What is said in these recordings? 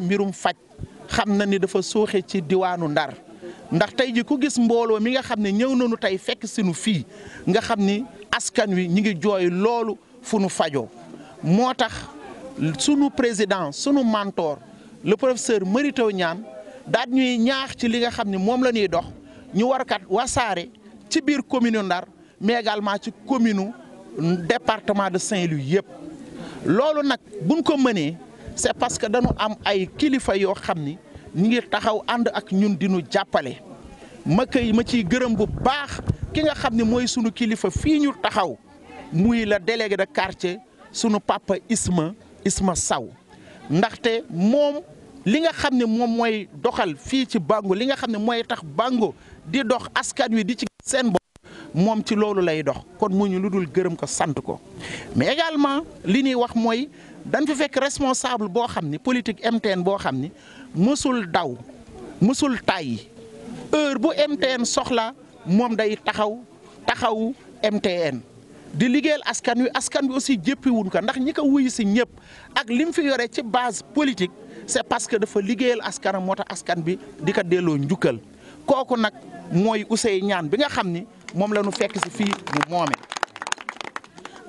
mbirum faj xam na ni dafa sooxee ci diwaanu Ndar ndax tey ji ku gis mbooloo mi nga xam ne ñëw nañu tey fekk si nu fii nga xam ni askan wi ñu ngi jooy loolu fu nu fajoo moo tax sunu président sunu mentor le professeur Mary Teuw Niane daal ñuy ñaax ci li nga xam ne moom la ñuy dox ñu warkat wasaare ci biir commune Ndar mais ci commune département de Saint-Louis yëpp loolu nag buñ ko mënee c'est parce que dañu am ay kilifa yoo xam ni ñu ngi taxaw ànd ak ñun dinu jàppale ma koy ma ciy gërëm bu baax ki nga xam ne mooy sunu kilifa fii ñu taxaw muy la délégué de quartier sunu papa Isma Isma Saw ndaxte moom li nga xam ne moom mooy doxal fii ci Bango li nga xam ne mooy tax Bango di dox askan wi di ci seen bopp moom ci loolu lay dox kon mu ñu lu dul gërëm ko sant ko mais également li ñuy wax mooy. dañ fi fekk responsable boo xam ni politique MTN boo xam ni mësul daw mësul tàyyi heure bu MTN soxla moom day taxaw taxawu MTN di liggéeyal askan wi askan wi aussi jéppiwuñ ko ndax ñi ko wuy si ñëpp ak li mu fi yore ci base politique c'est parce que dafa liggéeyal askanam moo tax askan bi di ko delloo njukkal kooku nag mooy Ousseyn ñaan bi nga xam ni moom la ñu fekk si fii mu moome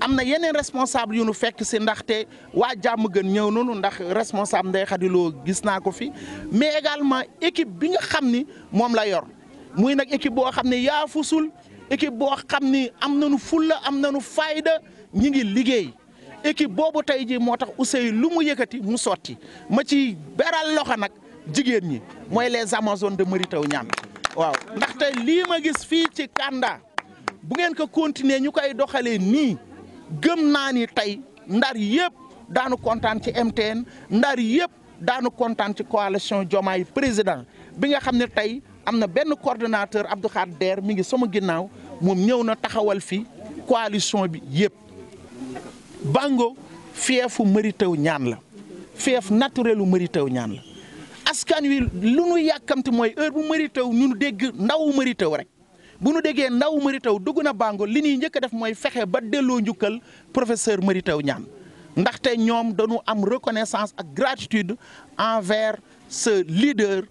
am na yeneen responsable yu nu fekk si ndaxte waa jàmm gën ñëw noonu ndax responsable Ndeye Khady gis naa ko fi mais également équipe bi nga xam ni moom la yor muy nag équipe boo xam ne yaa fusul équipe boo xam ni am nañu fulla am na nañu fayda ñi ngi liggéey équipe boobu tey ji moo tax Ousseye lu mu yëkkati mu sotti ma ci beral loxo nag jigéen ñi mooy les amazones de Mary Teuw Niane waaw ndaxte lii ma gis fii ci Kanda bu ngeen ko continuer ñu koy doxalee nii gëm naa ni tey ndar yëpp daanu kontaan ci MTN ndar yëpp daanu kontaan ci coalition Diomaye président bi nga xam ne tey am na benn coordonnateur Abdou Khadre mi ngi sama ginnaaw moom ñëw na taxawal fi coalition bi yëpp Bango feefu maritaw ñaan la feef naturel u maritaw ñaan la askan wi lu nu yàkkamti mooy heure bu maritaw ñu dégg ndaw wu maritaw rek bu nu déggee ndaw Mary Teuw na Bango li ñuy njëkk a def mooy fexe ba delloo njukkal professeur Mary Teuw Niane ndaxte ñoom dañu am reconnaissance ak gratitude envers ce leader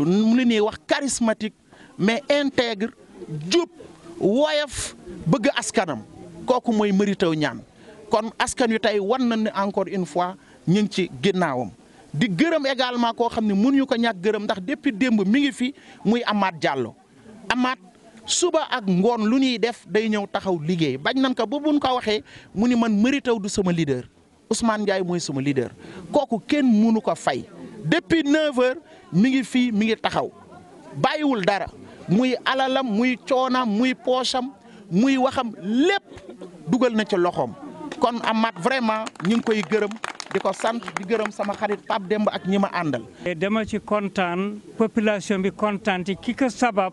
li ñuy wax charismatique mais intègre jub woyof bëgg askanam kooku mooy Mary Teuw kon askan wi tey wan nañ ne encore une fois ñu ci ginnaawam di gërëm également koo xam ne mënuñu ko ñàkk gërëm ndax depuis démb mi ngi fi muy Amath Diallo Amath suba ak ngoon lu ñuy def day ñëw taxaw liggéey bañ nan ko ba buñ ko waxee mu ni man mëri taw du sama leader Ousmane Ndiaye mooy sama leader kooku kenn mënu ko fay depuis 9h mi ngi fii mi ngi taxaw bàyyiwul dara muy alalam muy coonam muy poosam muy waxam lépp dugal na ci loxoom kon Amath vraiment ñu ngi koy gërëm di ko sant di gërëm sama xarit Pape demb ak ñi ma àndal. dama ci kontaan population bi kontaan ci ki ko sabab.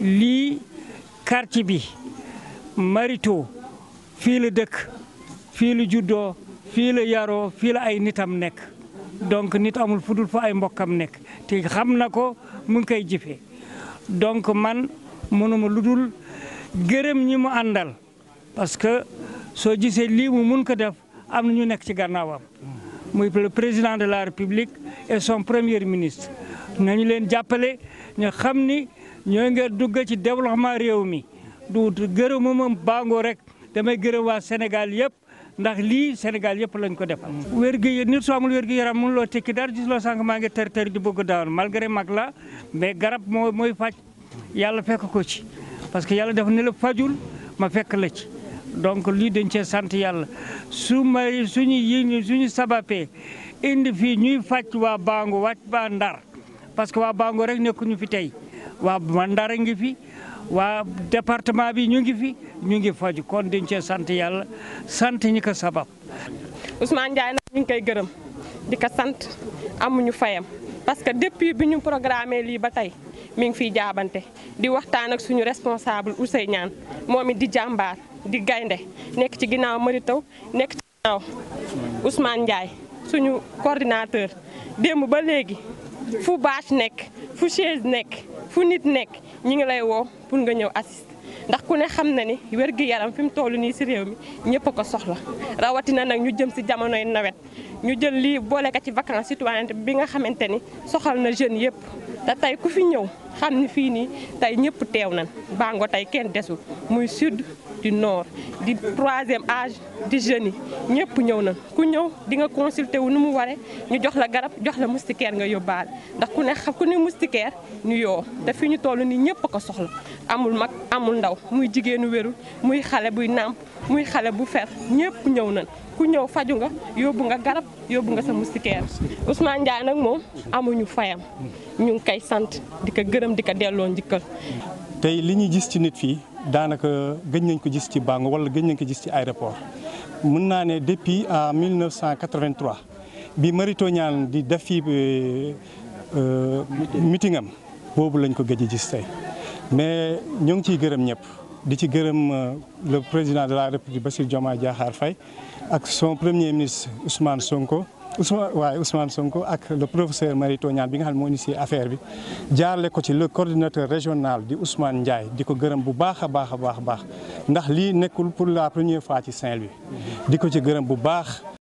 lii karti bi Marito fii la dëkk fii la juddoo fii la yaro fii la ay nitam nekk donc nit amul fu dul fa ay mbokkam nekk te xam na ko mu ngi koy jëfee donc man mënuma lu dul gërëm ñi mu àndal parce que soo gisee lii mu mun ko def am na ñu nekk ci gannaawam muy le président de la république et son premier ministre nañu leen jàppale ñu xam ni ñoo ngi dugg ci développement réew mi du gërëmu ma Bango rek damay gërëm waa Sénégal yëpp ndax lii senegal yëpp lañ ko defal. wér-gu-yaram nit soo amul wér-gu-yaram mënuloo tekki dara gis loo sànq maa ngi tër tër di bëgg daanu malgré mag la mais garab moo mooy faj yàlla fekk ko ci parce que yàlla dafa ne la fajul ma fekk la ci. donc lii dañ cee sant yàlla su may suñu yi suñu sabapee indi fii ñuy faj waa Bango wàcc ba Ndar parce que waa Bango rek nekkuñu fi tey. wa mandaringi ngi fi wa département bi ñu ngi fi ñu ngi faju kon diñ ci sante yalla sante ñi ko sabab Ousmane Ndiaye nag ñu kay gëreum gërëm di ko sant amuñu fayam parce que depuis bi ñu programmé li ba tay mi ngi fi jaabante di waxtaan ak suñu responsable Ousey Ñaan momi di jambar di gaynde nek ci ginaaw maritaw nek ci ginaaw Ousmane Ndiaye suñu coordinateur dem ba légui fu bâche nek fu chaise nek fu nit nekk ñi ngi lay woo pour nga ñëw assiste ndax ku ne xam na ni wér wérgu yaram fi mu toll nii si réew mi ñëpp a ko soxla rawatina nag ñu jëm si jamonoy nawet ñu jël lii boole ko ci vacances citoyennes bi nga xamante ni soxal na jeunes yëpp te tey ku fi ñëw xam ni fii nii tey ñëpp teew nañ bango tey kenn desul muy sud du nord di troisième âge di jeune. yi ñëpp ñëw na ku ñëw di nga consulter wu nu mu waré, ñu jox la garab jox la moustiquaire nga yobal. ndax ku ne xam ku ne moustiquaire ñu yo. Da fi ñu ni ñëpp ko soxla amul mak amul ndaw muy jigéenu wérul muy xalé buy namp, muy xalé bu fer ñëpp ñëw na. ku ñëw faju nga yobu nga garab yobu nga sa moustiquaire Ousmane Ndiaye nak moom amuñu fayam ñu ngi kay sante, di ko gërëm di ko tey li ñu gis ci nit fii daanaka gëj nañ ko gis ci Bango wala gëj nañ ko gis ci aéroport mun naa ne depuis euh, en 1983 bi Mary Teuw Niane di def fii euh, euh, meeting am boobu lañ ko gëj a gis tey mais ñoo ngi ciy gërëm ñëpp di ci gërëm le président de la république Bassirou Diomaye Diakhar fay ak son premier ministre Ousmane Sonko. Ousmane waaye Ousmane Sonko ak le professeur Mary Teuw bi nga xam ne moo initié affaire bi jaarle ko ci le coordinateur régional di Ousmane Ndiaye di ko gërëm bu baax a baax a baax a baax ndax lii nekkul pour la première fois ci Saint-Louis di ko ci gërëm bu baax